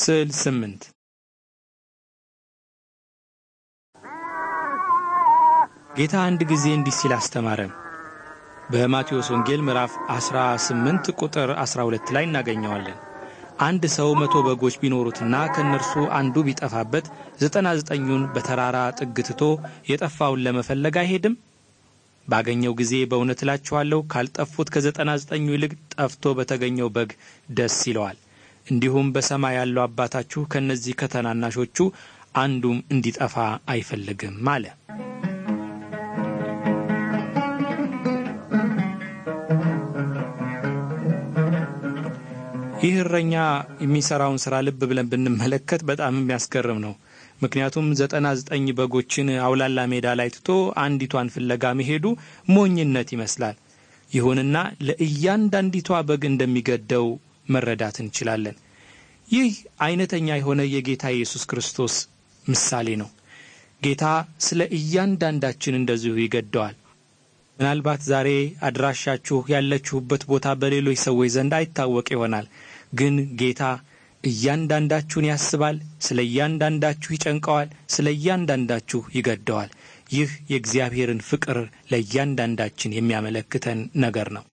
ስዕል ስምንት ጌታ አንድ ጊዜ እንዲህ ሲል አስተማረ። በማቴዎስ ወንጌል ምዕራፍ 18 ቁጥር 12 ላይ እናገኘዋለን። አንድ ሰው መቶ በጎች ቢኖሩትና ከእነርሱ አንዱ ቢጠፋበት ዘጠና ዘጠኙን በተራራ ጥግ ትቶ የጠፋውን ለመፈለግ አይሄድም? ባገኘው ጊዜ በእውነት እላችኋለሁ ካልጠፉት ከዘጠና ዘጠኙ ይልቅ ጠፍቶ በተገኘው በግ ደስ ይለዋል። እንዲሁም በሰማይ ያለው አባታችሁ ከእነዚህ ከተናናሾቹ አንዱም እንዲጠፋ አይፈልግም አለ። ይህ እረኛ የሚሰራውን ስራ ልብ ብለን ብንመለከት በጣም የሚያስገርም ነው። ምክንያቱም ዘጠና ዘጠኝ በጎችን አውላላ ሜዳ ላይ ትቶ አንዲቷን ፍለጋ መሄዱ ሞኝነት ይመስላል። ይሁንና ለእያንዳንዲቷ በግ እንደሚገደው መረዳት እንችላለን። ይህ አይነተኛ የሆነ የጌታ ኢየሱስ ክርስቶስ ምሳሌ ነው። ጌታ ስለ እያንዳንዳችን እንደዚሁ ይገደዋል። ምናልባት ዛሬ አድራሻችሁ ያለችሁበት ቦታ በሌሎች ሰዎች ዘንድ አይታወቅ ይሆናል። ግን ጌታ እያንዳንዳችሁን ያስባል፣ ስለ እያንዳንዳችሁ ይጨንቀዋል፣ ስለ እያንዳንዳችሁ ይገደዋል። ይህ የእግዚአብሔርን ፍቅር ለእያንዳንዳችን የሚያመለክተን ነገር ነው።